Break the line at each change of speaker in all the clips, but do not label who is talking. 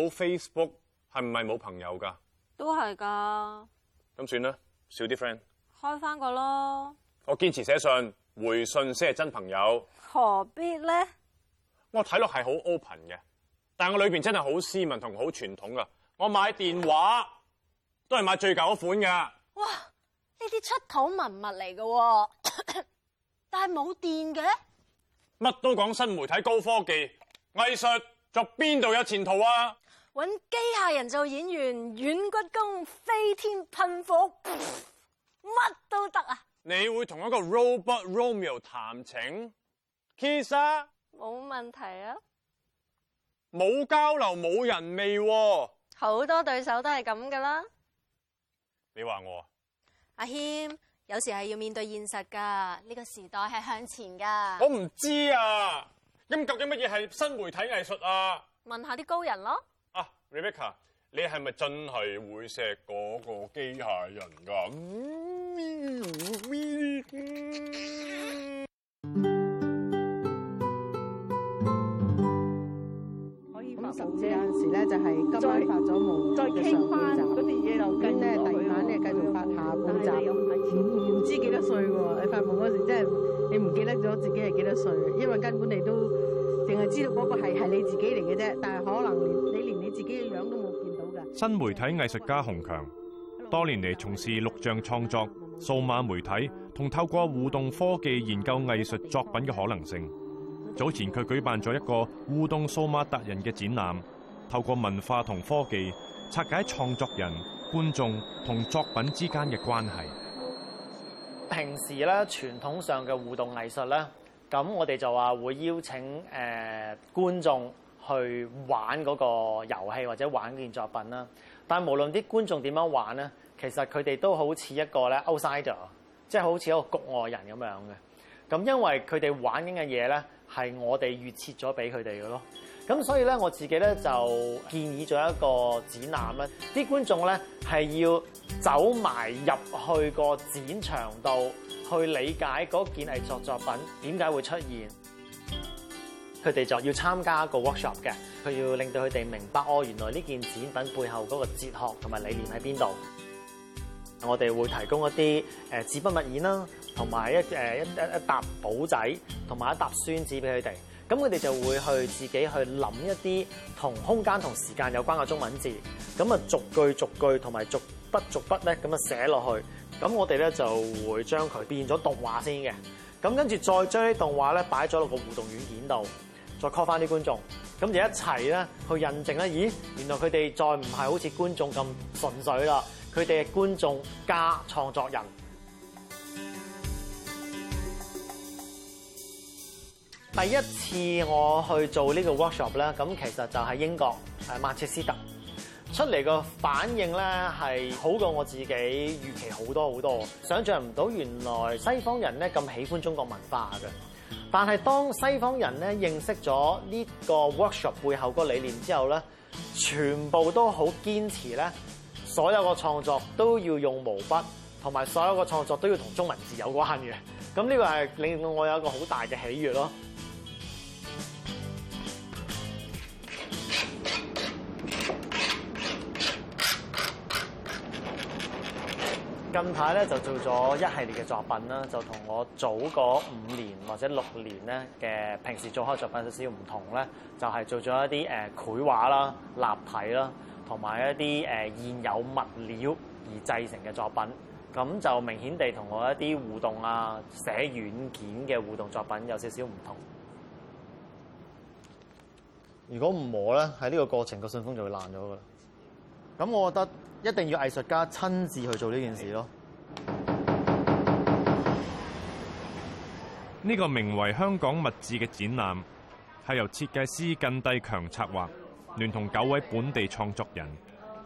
冇 Facebook 係唔係冇朋友噶？
都係噶。
咁算啦，少啲 friend。
開翻個咯。
我堅持寫信，回信先係真朋友。
何必咧？
我睇落係好 open 嘅，但係我裏邊真係好斯文同好傳統噶。我買電話都係買最舊嗰款噶。哇！
呢啲出土文物
嚟喎，但係冇電嘅。
乜都講新媒體高科技，藝術作邊度有前途啊？
搵機械人做演員，軟骨功飛天噴火，乜都得啊！
你會同一個 robot Romeo 談情 kiss 啊？
冇問題啊！
冇交流，冇人味啊。
好多對手都係咁噶啦。
你話我
阿謙有時係要面對現實噶，呢個時代係向前噶。
我唔知啊，咁究竟乜嘢係新媒體藝術啊？
問下啲高人咯。
Rebecca，你係咪真係會錫嗰個機械人㗎？可以感受，啫。有陣
時咧，就係今晚發咗夢，再傾翻嗰啲嘢。就邊咧，第二晚咧繼續發下半集。係又唔係唔知幾多歲喎，啊？你發夢嗰時真係你唔記得咗自己係幾多歲，因為根本你都淨係知道嗰個係係你自己嚟嘅啫。但係可能你，你連你。
新媒體藝術家洪強多年嚟從事錄像創作、數碼媒體同透過互動科技研究藝術作品嘅可能性。早前佢舉辦咗一個互動數碼達人嘅展覽，透過文化同科技拆解創作人、觀眾同作品之間嘅關係。
平時咧，傳統上嘅互動藝術咧，咁我哋就話會邀請誒、呃、觀眾。去玩嗰個遊戲或者玩件作品啦，但係無論啲觀眾點樣玩咧，其實佢哋都好似一個咧 outsider，即係好似一個局外人咁樣嘅。咁因為佢哋玩緊嘅嘢咧係我哋預設咗俾佢哋嘅咯。咁所以咧我自己咧就建議咗一個展覽啦，啲觀眾咧係要走埋入去個展場度去理解嗰件藝術作品點解會出現。佢哋就要參加一個 workshop 嘅，佢要令到佢哋明白哦，原來呢件展品背後嗰個哲學同埋理念喺邊度。我哋會提供一啲誒紙筆物件啦，同埋一誒一一沓簿仔，同埋一沓宣紙俾佢哋。咁佢哋就會去自己去諗一啲同空間同時間有關嘅中文字，咁啊逐句逐句同埋逐筆逐筆咧咁樣寫落去。咁我哋咧就會將佢變咗動畫先嘅，咁跟住再將啲動畫咧擺咗落個互動軟件度。再 call 翻啲觀眾，咁就一齊咧去印證啦。咦，原來佢哋再唔係好似觀眾咁純粹啦，佢哋係觀眾加創作人。第一次我去做呢個 workshop 咧，咁其實就係英國誒曼切斯特出嚟個反應咧，係好過我自己預期好多好多，想象唔到原來西方人咧咁喜歡中國文化嘅。但係，當西方人咧認識咗呢個 workshop 背後個理念之後咧，全部都好堅持咧，所有個創作都要用毛筆，同埋所有個創作都要同中文字有關嘅。咁呢個係令到我有一個好大嘅喜悅咯。近排咧就做咗一系列嘅作品啦，就同我早嗰五年或者六年咧嘅平時做開作品有少少唔同咧，就係做咗一啲誒繪畫啦、立體啦，同埋一啲誒現有物料而製成嘅作品。咁就明顯地同我一啲互動啊、寫軟件嘅互動作品有少少唔同。如果唔磨咧，喺呢個過程個信封就會爛咗㗎啦。咁我覺得一定要藝術家親自去做呢件事咯。
呢個名為《香港物質》嘅展覽，係由設計師靳埭強策劃，聯同九位本地創作人，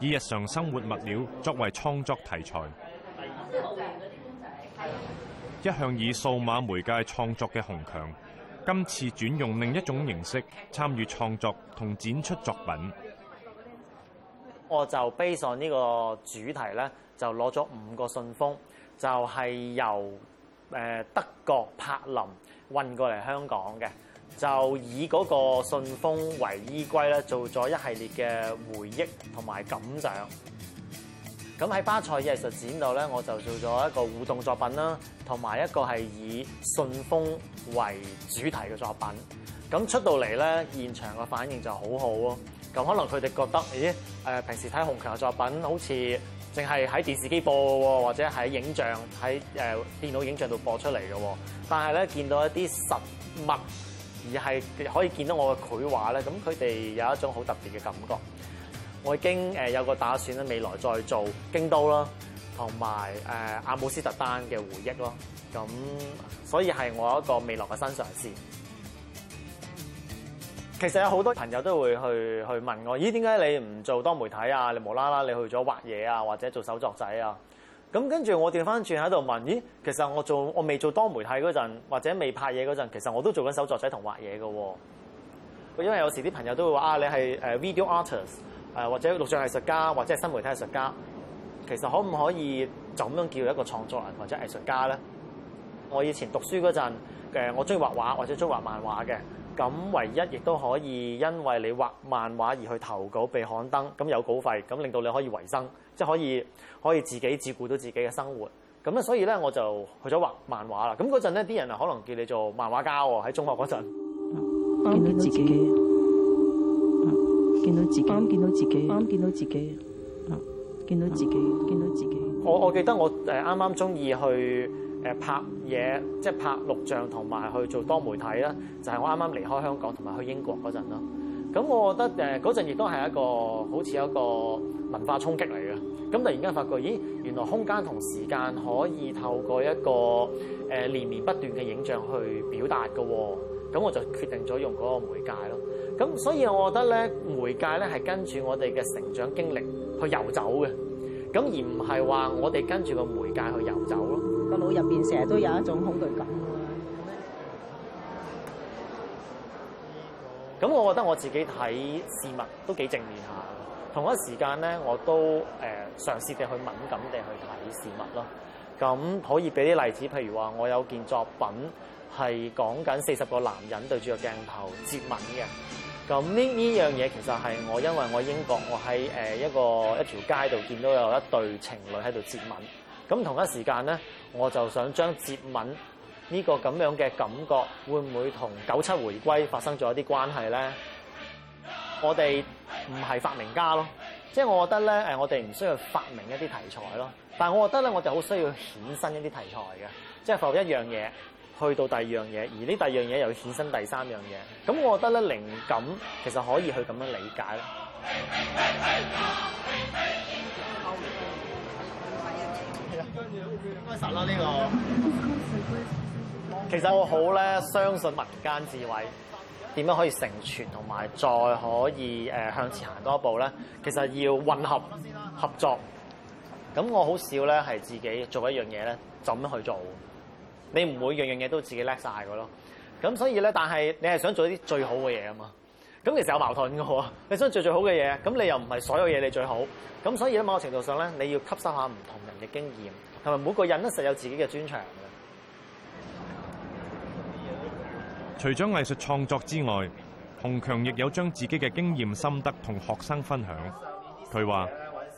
以日常生活物料作為創作題材。一向以數碼媒介創作嘅洪強，今次轉用另一種形式參與創作同展出作品。
我就 base 上呢個主題咧，就攞咗五個信封，就係、誒、由德國柏林運過嚟香港嘅，就以嗰個信封為依歸咧，做咗一系列嘅回憶同埋感想。咁喺巴塞藝術展度咧，我就做咗一個互動作品啦，同埋一個係以信封為主題嘅作品。咁出到嚟咧，現場嘅反應就好好咯。咁可能佢哋覺得，咦？誒，平時睇洪強嘅作品好似淨係喺電視機播，或者喺影像喺誒電腦影像度播出嚟嘅。但係咧見到一啲實物，而係可以見到我嘅繪畫咧，咁佢哋有一種好特別嘅感覺。我已經誒有個打算咧，未來再做京都啦，同埋誒阿姆斯特丹嘅回憶咯。咁所以係我一個未來嘅新嘗試。其實有好多朋友都會去去問我，咦？點解你唔做多媒體啊？你無啦啦你去咗畫嘢啊，或者做手作仔啊？咁跟住我調翻轉喺度問，咦？其實我做我未做多媒體嗰陣，或者未拍嘢嗰陣，其實我都做緊手作仔同畫嘢嘅。因為有時啲朋友都會話，啊，你係 video artist 或者錄像藝術家，或者新媒體藝術家。其實可唔可以就咁樣叫一個創作人或者藝術家咧？我以前讀書嗰陣，我中意畫畫或者中意畫漫畫嘅。咁唯一亦都可以因為你畫漫畫而去投稿被刊登，咁有稿費，咁令到你可以維生，即係可以可以自己照顧到自己嘅生活。咁啊，所以咧我就去咗畫漫畫啦。咁嗰陣咧，啲人啊可能叫你做漫畫家喎。喺中學嗰陣、啊，見到自己，嗯，見到自己，啱見到自己，啱見到自己，嗯，見到自己，見到自己。我我記得我誒啱啱中意去拍嘢，即係拍錄像同埋去做多媒體啦。就係、是、我啱啱離開香港同埋去英國嗰陣咯。咁我覺得誒嗰陣亦都係一個好似有一個文化衝擊嚟嘅。咁突然間發覺，咦，原來空間同時間可以透過一個誒連不斷嘅影像去表達嘅。咁我就決定咗用嗰個媒介咯。咁所以我覺得咧，媒介咧係跟住我哋嘅成長經歷去遊走嘅，咁而唔係話我哋跟住個媒介去遊走咯。個腦入面成日都有一種恐懼感。咁，我覺得我自己睇事物都幾正面下。同一時間咧，我都、呃、嘗試嘅去敏感地去睇事物咯。咁可以俾啲例子，譬如話我有件作品係講緊四十個男人對住個鏡頭接吻嘅。咁呢呢樣嘢其實係我因為我英國，我喺呃一個一條街度見到有一對情侶喺度接吻。咁同一時間咧，我就想將接吻呢個咁樣嘅感覺，會唔會同九七回歸發生咗一啲關係咧？我哋唔係發明家咯，即係我覺得咧，誒，我哋唔需要發明一啲題材咯。但係我覺得咧，我哋好需要衍生一啲題材嘅，即係從一樣嘢去到第二樣嘢，而呢第二樣嘢又要衍生第三樣嘢。咁我覺得咧，靈感其實可以去咁樣理解。啦，呢個其實我好咧，相信民間智慧，點樣可以成全同埋再可以誒向前行多一步咧？其實要混合合作，咁我好少咧係自己做一樣嘢咧就咁去做。你唔會樣樣嘢都自己叻曬嘅咯。咁所以咧，但係你係想做啲最好嘅嘢啊嘛。咁其實有矛盾㗎喎，你想做最好嘅嘢，咁你又唔係所有嘢你最好，咁所以喺某程度上咧，你要吸收下唔同人嘅經驗，同埋每個人咧實有自己嘅專長嘅。
除咗藝術創作之外，洪強亦有將自己嘅經驗心得同學生分享。佢話：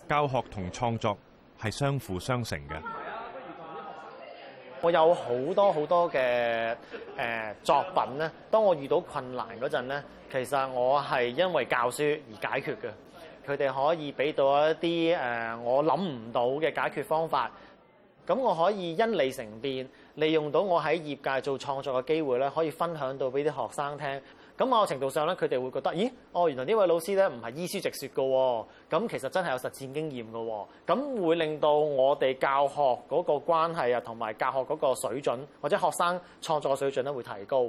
教學同創作係相輔相成嘅。
我有好多好多嘅、呃、作品咧。當我遇到困難嗰陣咧，其實我係因為教書而解決嘅。佢哋可以俾到一啲誒、呃、我諗唔到嘅解決方法。咁我可以因利成變，利用到我喺業界做創作嘅機會咧，可以分享到俾啲學生聽。咁某程度上咧，佢哋會覺得，咦，哦，原來呢位老師咧唔係依書直說㗎嘅，咁其實真係有實戰經驗嘅，咁會令到我哋教學嗰個關係啊，同埋教學嗰個水準，或者學生創作嘅水準咧，會提高。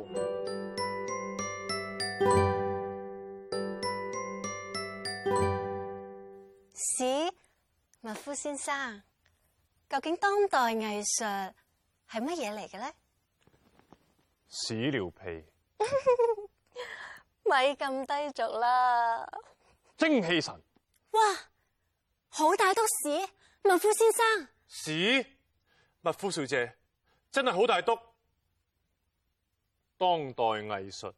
史
密夫先生，究竟當代藝術係乜嘢嚟嘅咧？
屎尿屁！
咪咁低俗啦！
精氣神，
哇，好大督屎，麥夫先生
屎，麥夫小姐真係好大督，當代藝術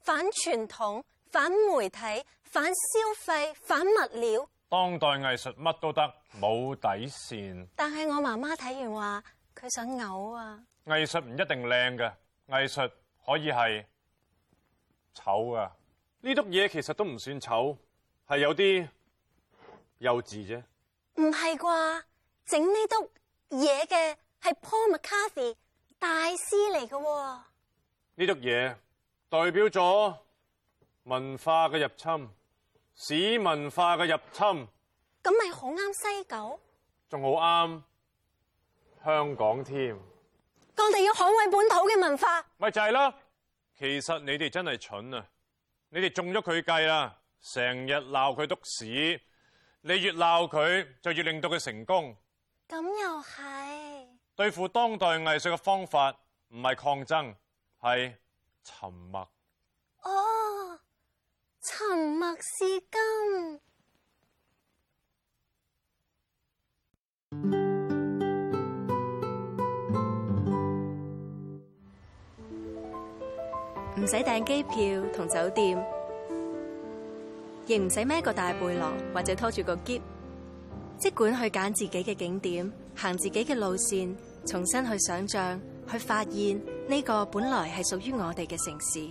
反傳統、反媒體、反消費、反物料，
當代藝術乜都得，冇底線。
但係我媽媽睇完話，佢想嘔啊！
藝術唔一定靚㗎，藝術可以係。醜啊，呢督嘢其實都唔算醜，係有啲幼稚啫。
唔係啩？整呢督嘢嘅係 Paul McCarthy 大師嚟嘅啊。
呢督嘢代表咗文化嘅入侵，市文化嘅入侵。
咁咪好啱西九？
仲好啱香港添。
我哋要捍衛本土嘅文化。
咪就係咯。其實你哋真係蠢啊！你哋中咗佢計啊，成日鬧佢篤屎，你越鬧佢就越令到佢成功。咁又係對付當代藝術嘅方法，唔係抗爭，係沉默。哦，
沉默是金。
唔使訂機票同酒店，亦唔使孭個大背囊或者拖住個篋，即管去揀自己嘅景點，行自己嘅路線，重新去想象，去發現呢個本來係屬於我哋嘅城市。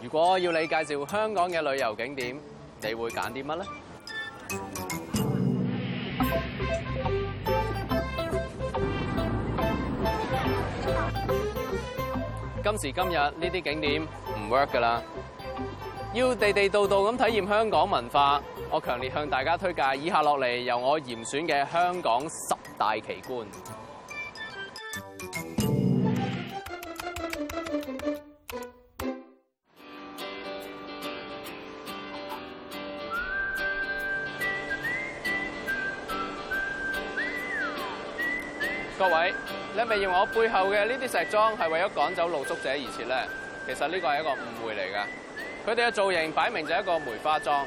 如果要你介紹香港嘅旅遊景點，你會揀啲乜呢？今時今日呢啲景點唔 work 㗎喇，要地地道道咁體驗香港文化，我強烈向大家推介以下落嚟，由我嚴選嘅香港十大奇觀。因為我背後嘅呢啲石樁係為咗趕走露宿者而設咧，其實呢個係一個誤會嚟嘅。佢哋嘅造型擺明就係一個梅花樁。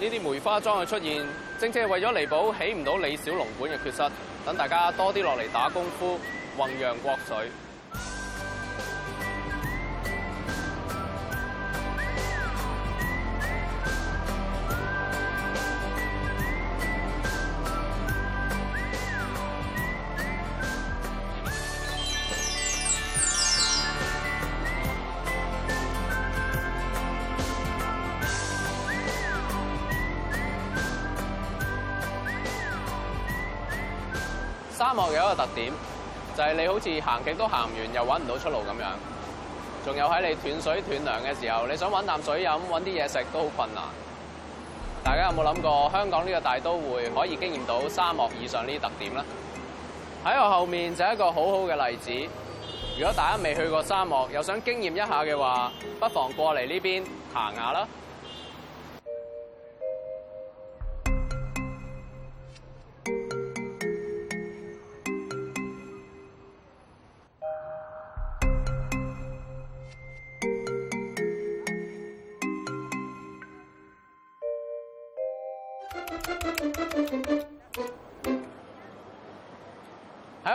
呢啲梅花樁嘅出現正是，正正係為咗彌補起唔到李小龍館嘅缺失，等大家多啲落嚟打功夫，弘揚國粹。特點就係、是、你好似行極都行唔完，又搵唔到出路咁樣，仲有喺你斷水斷糧嘅時候，你想搵啖水飲，搵啲嘢食都好困難。大家有冇諗過香港呢個大都會可以經驗到沙漠以上呢啲特點咧？喺我後面就係一個好好嘅例子。如果大家未去過沙漠，又想經驗一下嘅話，不妨過嚟呢邊行下啦。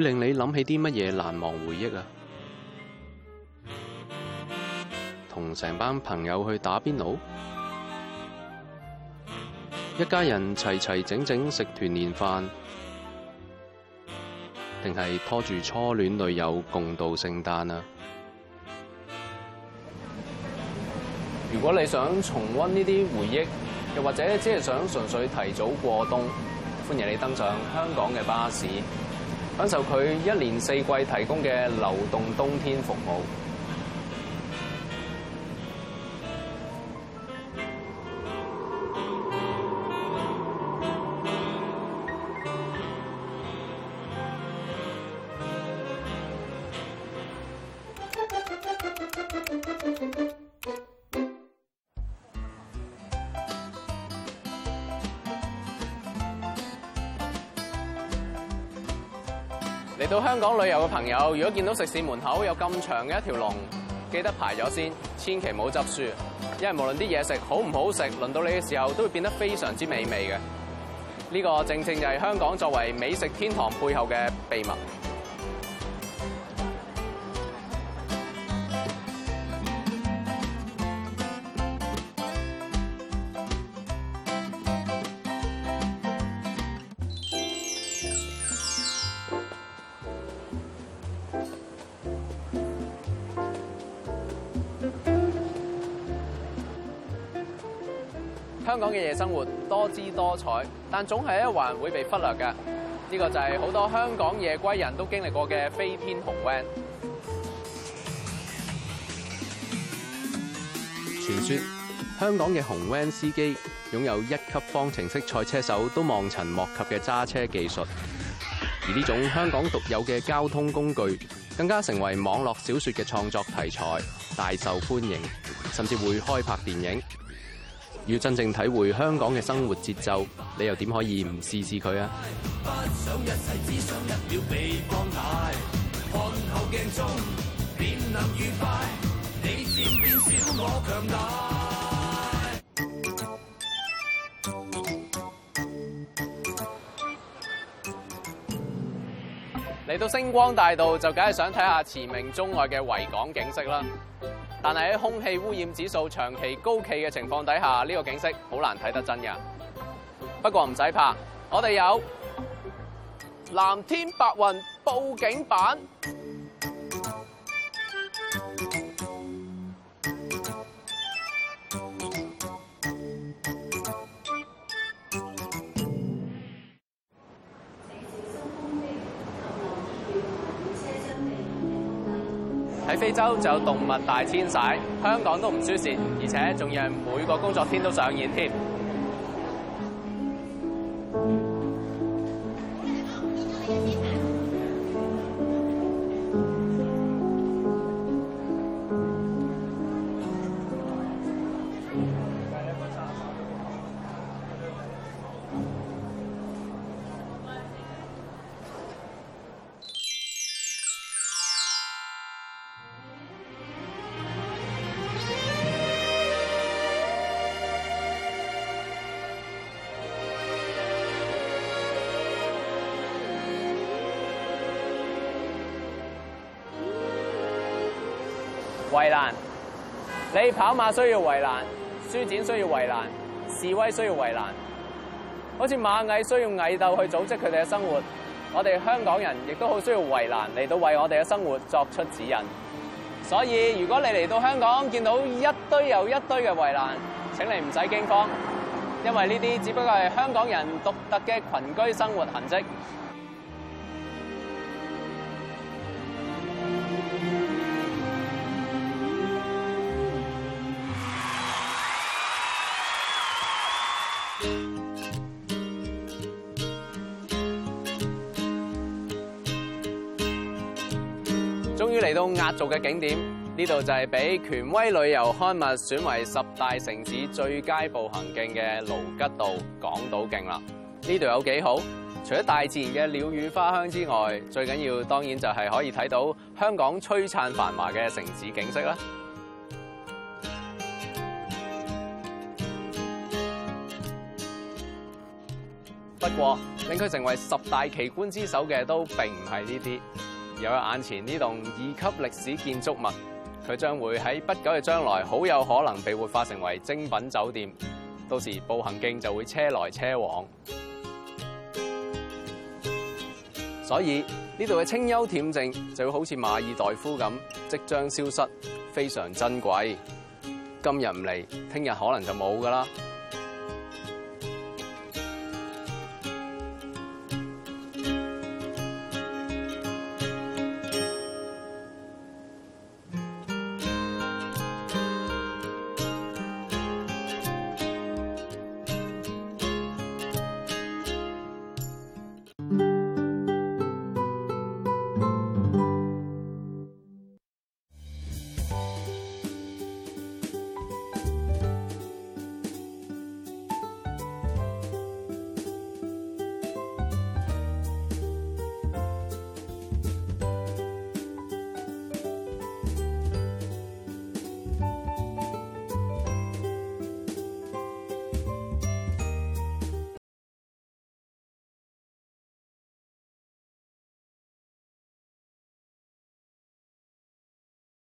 會令你諗起啲乜嘢難忘回憶啊？同成班朋友去打邊爐，一家人齊齊整整食團年飯，定係拖住初戀女友共度聖誕啊？如果你想重溫呢啲回憶，又或者只係想純粹提早過冬，歡迎你登上香港嘅巴士。享受佢一年四季提供嘅流動冬天服務。嚟到香港旅遊嘅朋友，如果見到食肆門口有咁長嘅一條龍，記得排咗先，千祈唔好執輸，因為無論啲嘢食好唔好食，輪到你嘅時候都會變得非常之美味嘅。呢、這個正正就係香港作為美食天堂背後嘅秘密。香港嘅夜生活多姿多彩，但總係一環會被忽略嘅呢、呢個就係好多香港夜歸人都經歷過嘅飛天紅 van。傳說香港嘅紅 van 司機擁有一級方程式賽車手都望塵莫及嘅揸車技術，而呢種香港獨有嘅交通工具更加成為網絡小說嘅創作題材，大受歡迎，甚至會開拍電影。要真正體會香港嘅生活節奏，你又點可以唔試試佢啊？嚟到星光大道就梗係想睇下馳名中外嘅維港景色啦！但係喺空氣污染指數長期高企嘅情況底下，呢個景色好難睇得真㗎。不過唔使怕，我哋有藍天白雲佈景板。非洲就有動物大遷徙，香港都唔輸蝕，而且仲讓每個工作天都上演添。圍欄，你跑馬需要圍欄，書展需要圍欄，示威需要圍欄，好似螞蟻需要蟻斗去組織佢哋嘅生活，我哋香港人亦都好需要圍欄嚟到為我哋嘅生活作出指引。所以如果你嚟到香港見到一堆又一堆嘅圍欄，請你唔使驚慌，因為呢啲只不過係香港人獨特嘅群居生活痕跡。嚟到壓軸嘅景點，呢度就係被權威旅遊刊物選為十大城市最佳步行徑嘅盧吉道港島徑啦。呢度有幾好？除咗大自然嘅鳥語花香之外，最緊要當然就係可以睇到香港璀璨繁華嘅城市景色啦。不過，令佢成為十大奇觀之首嘅都並唔係呢啲。又有眼前呢棟二級歷史建築物，佢將會喺不久嘅將來好有可能被活化成為精品酒店，到時步行徑就會車來車往，所以呢度嘅清幽恬靜就會好似馬爾代夫咁，即將消失，非常珍貴。今日唔嚟，聽日可能就冇㗎啦。